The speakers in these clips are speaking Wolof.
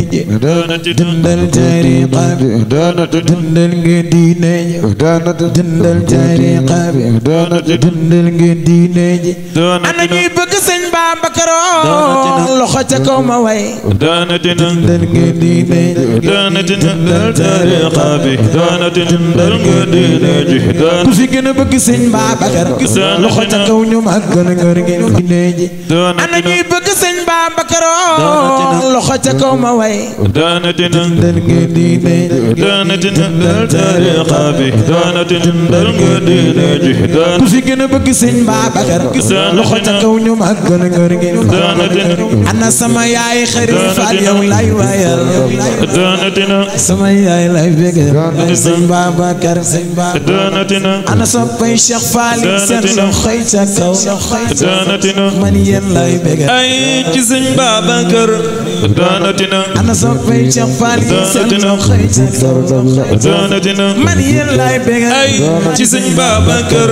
دانت دندل طريقة دانت دندل قدينة دانت دندل طريقة دانت دندل قدينة أنا جيبك سن بابكرو لختك وموي دانت دندل قدينة دانت دندل طريقة دانت دندل قدينة دانت سكن بك سن بابكرو لختك ونمهجن قرقين أنا جيبك سن Babakaro loxo ca kaw ma way dana dina dal nga diine dana dina dal tariqa bi dana dina dal nga diine ji dana ku si gën a bëgg sëñ Babakar loxo ca kaw ñu màggal ngër gi dana dina ana sama yaay xarit faal yow lay wayal dana dina sama yaay lay bégal sëñ Babakar sëñ Babakar dana dina ana soppay Cheikh Faal seen loxoy ca kaw dana dina man yéen lay bégal ay ci sëñ Babacar daanatina ana soppay Cheikh Fall daanatina daanatina man yéen laay bégal ay ci sëñ Babacar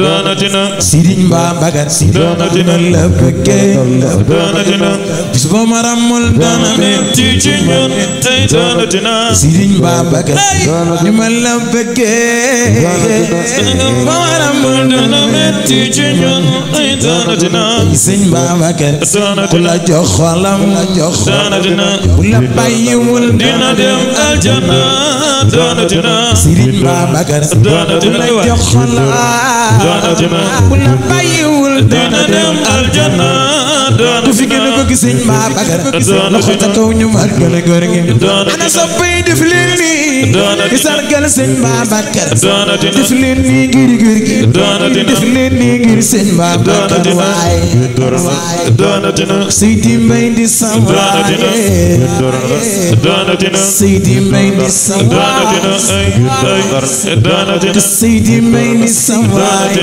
daanatina sëriñ Babacar daanatina la bëggee daanatina bis boo ma ràmmul daana metti ci ñun tey daanatina sëriñ Babacar ñu ma la bëggee boo ma ràmmul daana metti ci ñun tey daanatina sëñ Babacar ku la jox xolam daana dina bu la bàyyiwul dina dem aljana daana dina Serigne Babacar daana dina ku la jox xolam daana dina bu la bàyyiwul dina dem aljana ku fi gën a bëgg sëñ Babacar loxo ca kaw ñu màggal góor gi ana soppay def leen nii di sargal sëñ Babacar def leen nii ngir góor gi def leen nii ngir sëñ Babacar waaye Seydi Mbay di sawaay Seydi Mbay di sawaay Seydi Mbay di sawaay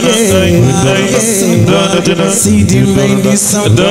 Seydi Mbay di sawaay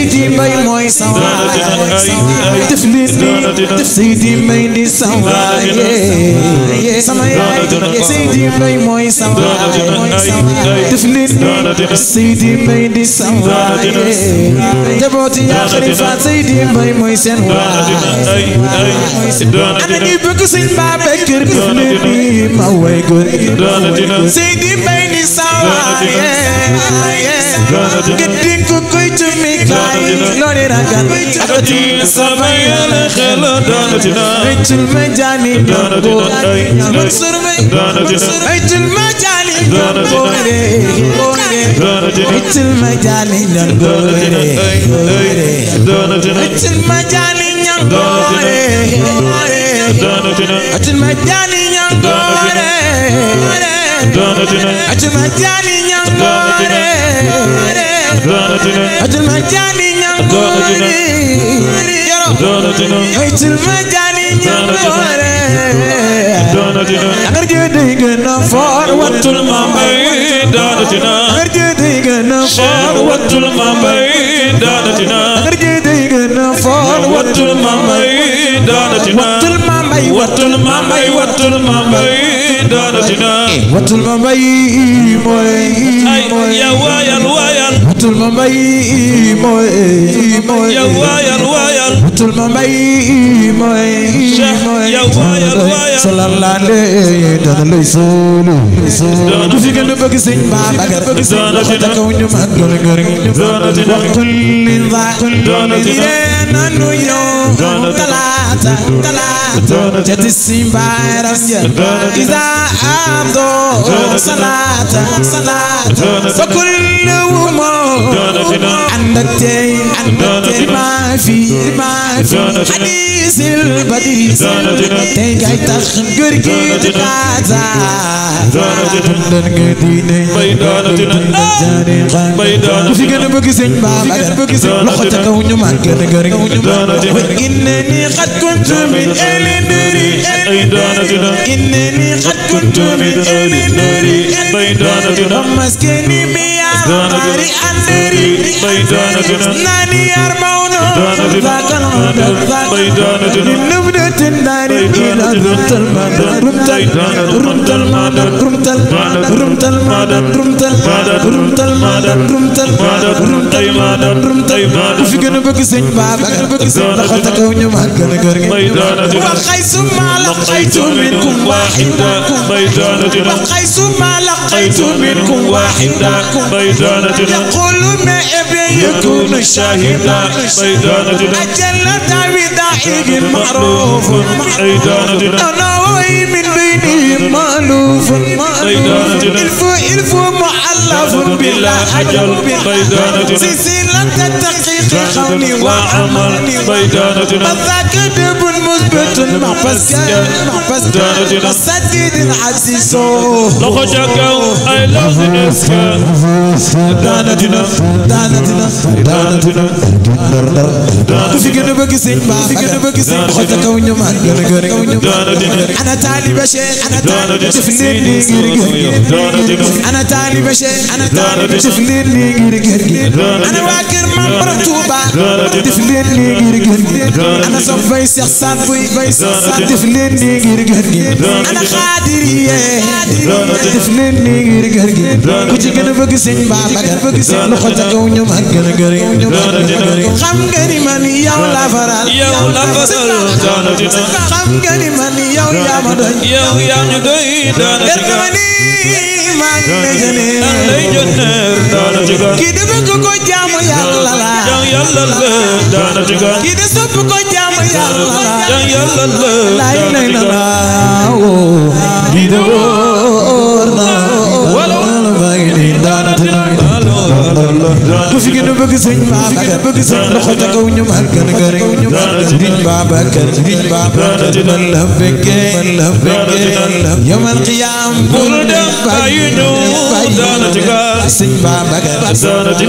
Seydi Mbaye mooy sawaay def lii nii def Seydi Mbaye di sawaay sama yaay Seydi Mbaye mooy sawaay def lii nii Seydi Mbaye di sawaay jabooti yaa xalifa Seydi Mbaye mooy seen waay ana ñuy bëgg sëñ Babacar def lii nii ma way góor Seydi Mbaye di sawaay Getting for quite to make life, not in a country. I don't my darling, don't go away. my darling, don't go away. my darling, don't go away. ati ma jaani ñangoore ati ma jaani ñangoore ati ma jaani ñangoore yoro ati ma jaani ñangoore wattul ma mbay wattul ma mbay doonati na eh, wattul ma mbay mooy mooy ya waayal waayal wattul ma mbay mooy mooy ya waayal waayal wattul ma mbay mooy mooy ya waayal waayal sallallahu alayhi doon lay solo doon fi gën a bëgg sëñ Babacar doonati na doonati na doonati na nanu yow talaata talaata ca tisimba yaram ja iza abdo salaata salaata fa kullu wumo andatey andatey maa fi maa fi hadisil badisil tey ngay tax góor gi talaata dundal nga diine dundal jaare xaar ku fi gën a bëgg sëñ Baba loxo ca kaw ñu màgg gën a إنني قد كنت من أهل النار إنني قد كنت من أهل النار مسكني بيا غاري أندري ناني أرمونه ذاك الغدر ذاك الغدر رمت النار إلى رمت المدى رمت رمت المدى رمت رمت المدى رمت رمت المدى رمت رمت المدى رمت في قلبك سن بابا قلبك سن لخطك ونما قلبك وقيس ما لقيت منكم واحدا لقيت ما لقيت منكم واحدا يقول ما ابن يكون الشاهد بيدانتنا الجنة بدائه معروف أنا وهي من بينهم مالوف مالوف الف معلف بلا حجر سلسلة تحقيق قولي وعملي بذاك دب مثبت محفز محفز مسدد عزيز لو شكاو I love this girl دانتنا دانتنا دانتنا في قلبك سين في قلبك سين خذ كوني ما أنا تعلي بشير أنا تعلي تفنيني غير غير انا تاني بشر انا تاني تفنيني غير غير انا واكر def leen nii ngir gën gi ana sopp bay seex saat buy bay seex saat def leen nii ngir gën gi ana xaadir yee def leen nii ngir gën gi ku ci gën a bëgg sëñ Baba ga bëgg sëñ loxo ca kaw ñoom ak gën a gëri xam nga ni man yow la faral yow la faral xam nga ni man yow yaa ma doy yow yaa ñu doy kii de bëgg ko jaamu yàlla la kii de sopp ko jaamu yàlla la lay lay la laawo ku fi gën a bëgg sëñ Babacar loxo ca kaw ñu mar kan kan sëñ Babacar sëñ Babacar man la fekkee man la fekkee yamal xiyaam bul dem bàyyi nu sëñ Babacar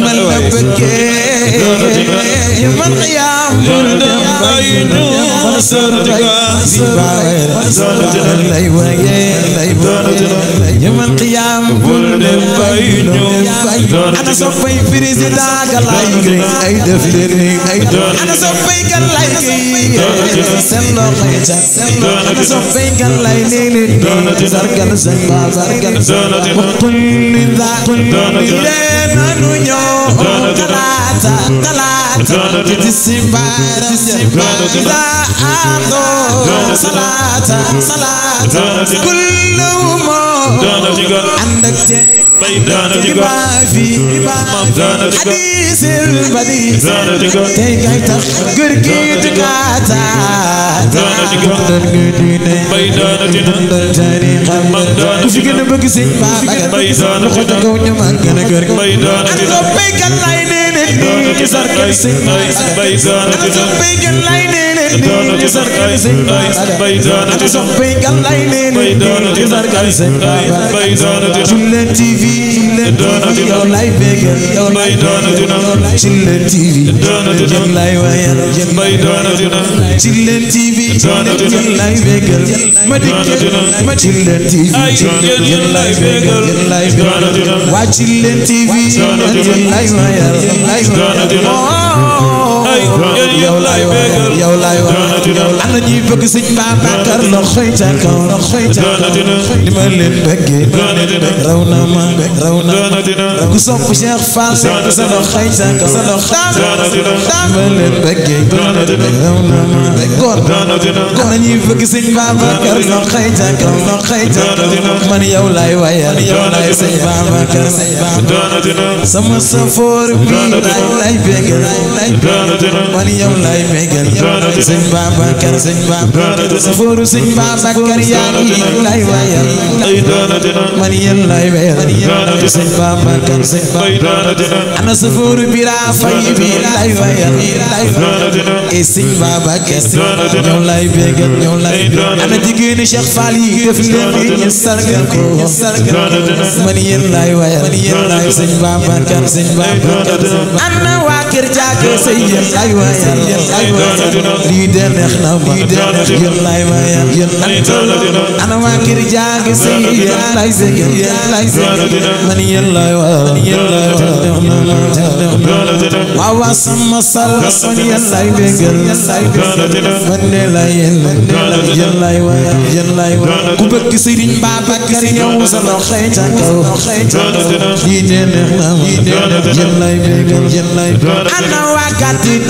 man la fekkee yamal xiyaam bul dem bàyyi nu sëñ Babacar man lay wayee yamal xiyaam bul dem bàyyi nu ana soppay président Galaye Gueye ay def leen ay doon ana soppay Galaye Gueye seen loxo ca seen loxo ana soppay Galaye léeg-léeg sargal seen ba sargal waxtul ni daa ni leen nanu ñoo talaata talaata ci simbaaram ja daa àndoo salaata salaata kullu ma daana diga andak ceen bay daana diga maam daana diga hadiisil badiis daana diga tey kay tax gër gi dukaata daana diga bay daana diga maam daana diga gën a bëgg sëñ baa bay daana diga bay daana diga bay daana diga Watch it TV, live, like, oh, lay yow lay bégal yow lay yow ana ñi bëgg sëñ Babacar loxoy ca kaw loxoy ca kaw li ma leen bëggee raw na ma raw na ma ku sopp Cheikh Fall sa loxoy ca kaw sa loxoy ca kaw li ma leen bëggee raw na ma góor ana ñi bëgg sëñ Babacar loxoy ca kaw loxoy ca kaw man yow lay wayal yow lay sëñ Babacar sama safoor bi lay lay bëgg lay lay man yow lay bégal sëñ Babacar sëñ Babacar safooru sëñ Babacar yaa ngi lay wayal man yow lay bégal sëñ Babacar sëñ Babacar ana safooru bi laa fay bi lay wayal e sëñ Babacar sëñ Babacar yow lay bégal yow lay bégal ana jigéenu Cheikh Fall yi def leen ñu sargal ko man yow lay wayal sëñ Babacar sëñ Babacar ana waa kër jaake sëñ ay waay yàlla ay waay lii de neex na ma lii de neex yéen laay waay yàlla yéen ana waa kër jaagi si yéen laay seggal yéen laay seggal man yéen laay waay man yéen laay waay waa waa sama sal man yéen laay bégal man de laay yéen man de laay yéen laay waay yéen laay waay ku bëgg Sëriñ Babacar yow sa loxo ca kaw lii de neex na ma lii de neex yéen laay bégal yéen laay ana waa gàtt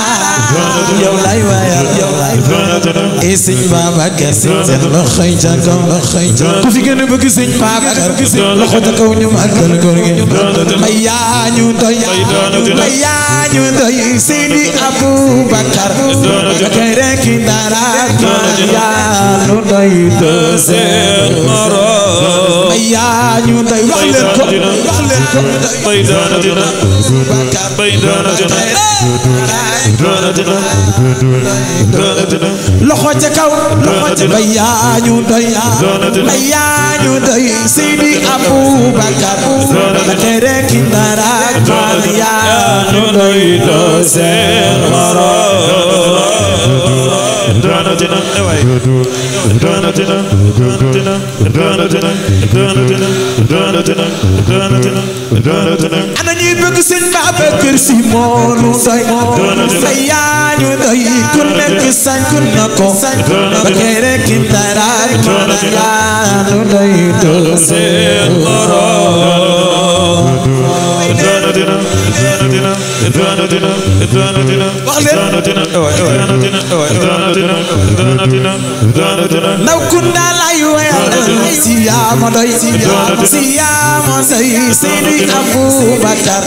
yow lay waayal yow lay waayal et sëñ Babacar Si seen loxo yi ca kaw loxo yi ca kaw ku fi gën a bëgg sëñ Babacar Si loxo ca kaw ñu màggal góor gi may yaa ñu doy may yaa ñu doy Seydi Aboubacar kay rek dara yaa ñu doy doo seen moroom may yaa ñu doy wax leen ko wax leen ko bay doona dina bay doona dina loxo ca kaw loxo ca bay yaa ñu doy bay yaa ñu doy Seydi Aboubacar la tere ki dara man yaa ñu doy seen xoro ana ñuy bëgg sëñ Babacar Si moonu say say yaa ñu doy ku nekk sañ ku na ko ba kay rek dara mana yaa ñu doy doo seen borom ndaw kunda lay wayal si yaa ma doy si yaa ma say Seydi Aboubacar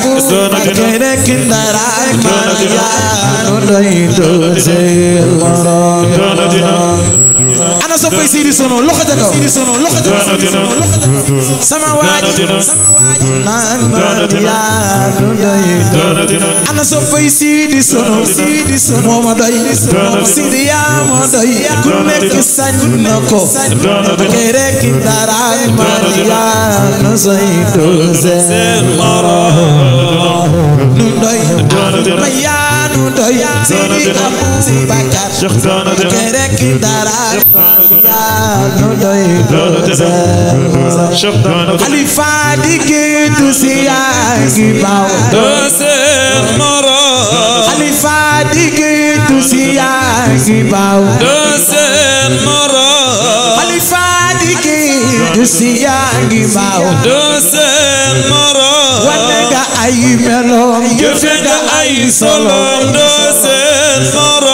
ma gëne kindara ma yaa no do ana sa fay Sono loxo ja kaw Sidi Sono loxo ja kaw Sidi Sono loxo ja kaw sama waaj naan ma yaa nu doy ana sa fay Sidi Sono Sidi Sono moo ma yaa na ko kerek dara ma nu soy doze nu doy ma yaa nu doy Sidi Abou Bakar ki dara Xalifa di géetu si yaa ngi baw Seex Moro Xalifa di géetu si yaa ngi baw Seex Moro Xalifa di géetu si yaa ngi baw Seex Moro wane nga ay meloom jëfe nga ay solom Seex Moro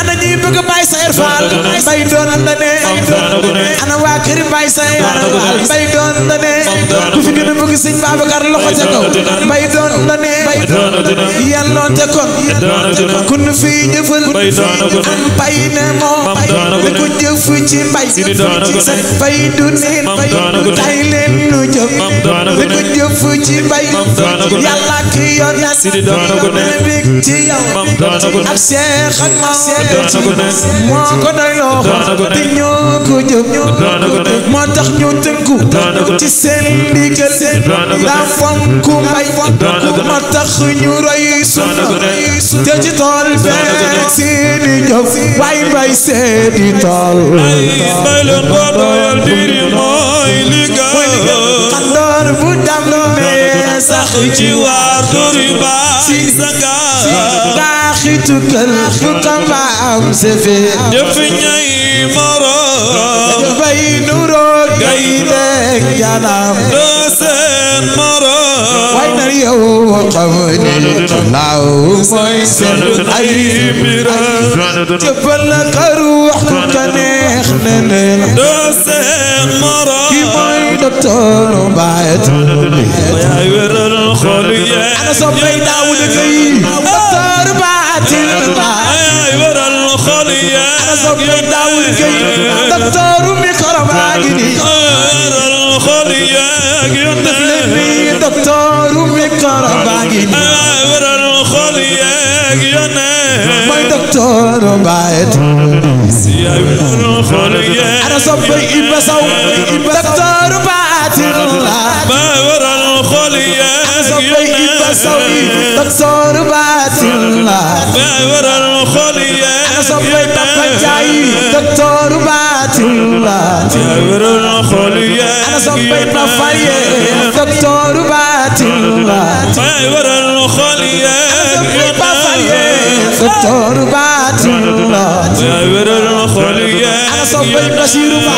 ana ñi bëgg Baay Saer Fall bay doon la ne ana waa kër Baay Saer bay doon la ku fi gën a bëgg Sëñ Babacar loxo ca kaw bay doon la ne yàlloon te kun fi jëfal am bay ne moo li ko jëf ci mbay seen bay du neen tay leen nu jëf li ci mbay yàlla ci yow ak xam ma seet ci moo ko doyloo te ñoo ko jëm moo tax ñu tënku ci seen ndigal daa fonk mbay moo tax ñu roy sunu te ci tool fekk seeni jëf waay mbay seeti tool liggéey mooy liggéey xandoor bu dammee sax ci waar dori ba saka baaxitu kër bu kama am sefe jëf ñay moroom bay nuroo gay nekk janaam doo seen moroom way nar yow xam ni naaw mooy seen ay jëfal xaru wax ku ko neex neneen doo seen moroom دكتور بعت يا يور الخلية أنا صبي داود جي دكتور بعت يا يور الخلية أنا صبي داود جي دكتور مكرم عجني يور الخلية يا دكتور مكرم عجني يا يور الخلية يا دكتور بعت يا يور الخلية أنا صبي بسوي دكتور la bay waral xol ye sa bay papa jaay docteur batin la bay waral xol ye sa bay papa ye docteur batin la bay waral xol ye sa bay papa ye docteur Batillat yaay wéral ma xol yi ana soppay Basiru Ba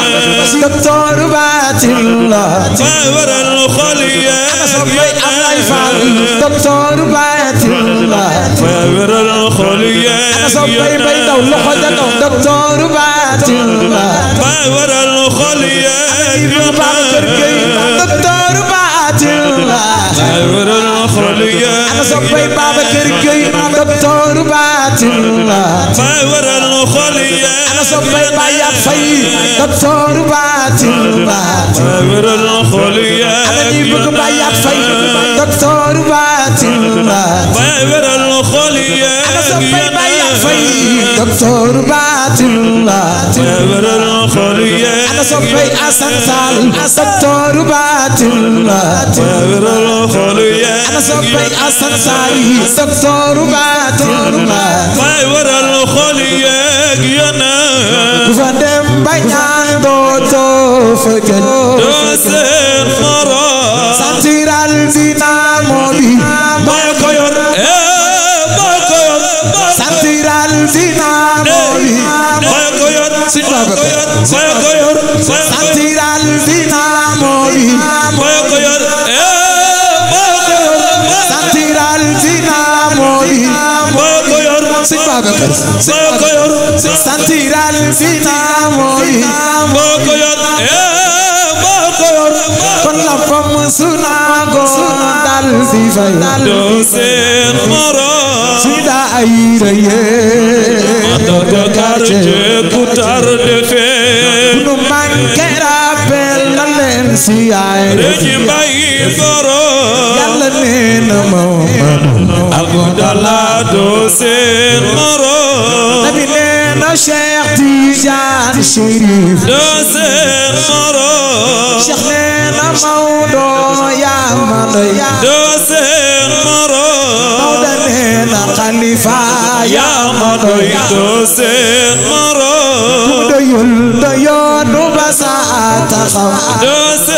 docteur Batillat yaay wéral ma xol yi ana soppay Ablaye Fall docteur Batillat yaay wéral ma xol yi ana soppay Bay Daw loxo ja daw docteur Batillat yaay wéral ma xol yi ana Ibn Babacar Gueye docteur Batillat ana soppay Babacar Gueye docteur Batin la خلي أنا صبي بايا بصي دكتور باتي باتي أمر الخلي أنا ديبك بايا بصي دكتور باتي باتي أمر الخلي أنا صبي بايا بصي دكتور باتي باتي أمر الخلي أنا صبي أسنسال دكتور باتي باتي أمر الخلي أنا صبي أسنسال دكتور باتي باتي أمر الخلي du fa dem ba ñaan dootoo fa gën doo seen morom santiral dinaamo bi maa ko yor maa eh, ko yor santiral dinaamo bi maa ko yor sëñ Babacar sëñ Babacar santiral fi naamooy boo ko yor boo ko yor kon la fam sunaago dal si fay doo seen morom si daa ay rëye andaka quartier ku tar defee nu manqué rappel na leen si ay rëye الأمين محمد أبو دلادو سين مرو نبينا شيخ تيجان شريف دوسين مرو شيخنا مودو يا مرو دوسين مرو مودنا خليفة يا مرو دوسين مرو دويل دويل بساعة خم دوسين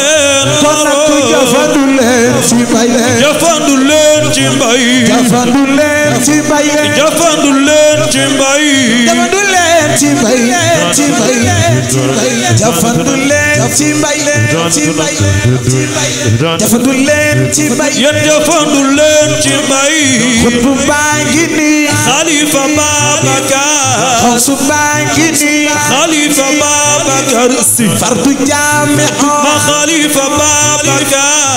ci mbay leen jafandu leen ci mbay jafandu leen ci mbay leen jafandu leen ci mbay jafandu leen ci mbay ci mbay jafandu leen ci mbay ci mbay jafandu leen ci mbay yéen jafandu leen ci mbay xutbu baa ngi nii xalifa Babacar xawsu baa ngi nii xalifa Babacar si fardu jaami e ma xalifa Babacar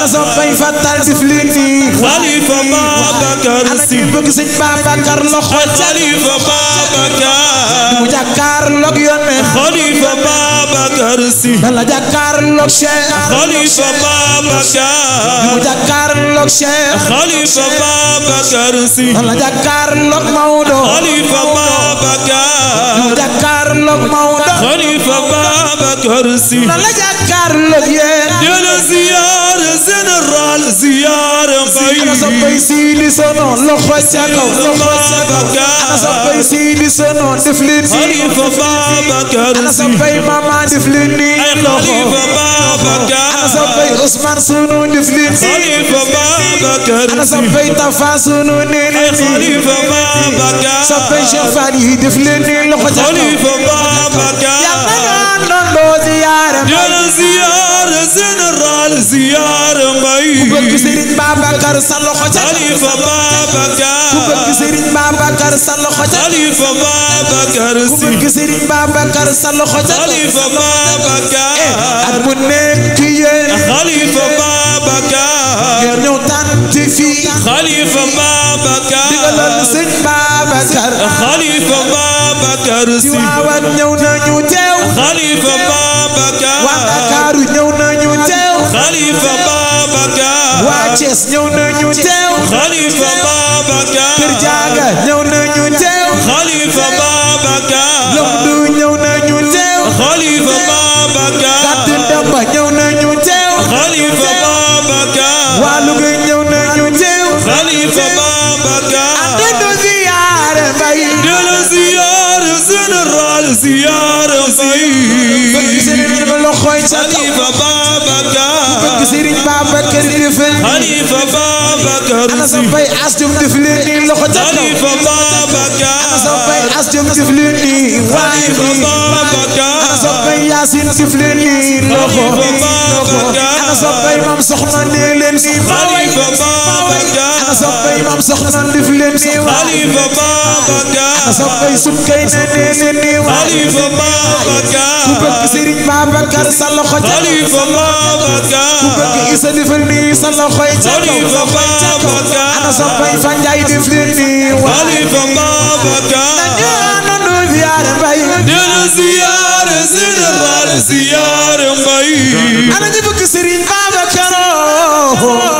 ana soppay Fatal Tiflini. xalifa Babacar Si. ana bëgg sëñ Babacar loxo. xalifa Babacar. mu jàkkaarloog yoon me. xalifa Babacar Si. dala jàkkaarloog Cheikh. xalifa Babacar. mu jàkkaarloog Cheikh. xalifa Babacar Si. non non, non safay siidi senoon def leen nii xalifa Babacar ana safay mama def leen nii ay xalifa Babacar ana safay Ousmane sunu def leen nii xalifa Babacar ana safay Tafa sunu nee na nii xalifa Babacar safay Cheikh Fadi def leen nii loxo ca xalifa Babacar yàlla naa doon doo ziyaare général ziyaar mbay ku bëgg Serigne Babacar sa loxo ca xalifa Babacar ku bëgg Serigne Babacar sa loxo ca xalifa Babacar Si ku bëgg Serigne Babacar sa loxo ca xalifa Babacar at bu nekk ci yéen xalifa Babacar ngeen ñëw tànn ci fii xalifa Babacar digaloon Serigne Babacar xalifa Babacar Si waawan ñëw nañu teew xalifa Babacar waa Ndakaaru ñëw nañu teew xalifa Babacar waa Thiès ñëw nañu teew xalifa Babacar kër jaaga ñëw nañu for Babacar Ndefleng xalifa Babacar ana sa bay as jëm def leen nii loxo jot xalifa Babacar ana sa bay as jëm def leen nii xalifa Babacar ana sa bay Yaasin def leen nii loxo xalifa Babacar ana sa bay mam soxna nee leen nii xalifa Babacar انا سبي ممسخنا لفلني خليفة بابك انا سبي سبكينا نيني خليفة بابك كوبك سيرين بابك ارسل خجل خليفة بابك كوبك اسل فلني صلى خيجل خليفة بابك انا سبي فنجاي لفلني خليفة بابك نجانا نزيار بي نزيار زيار زيار بي انا جبك سيرين بابك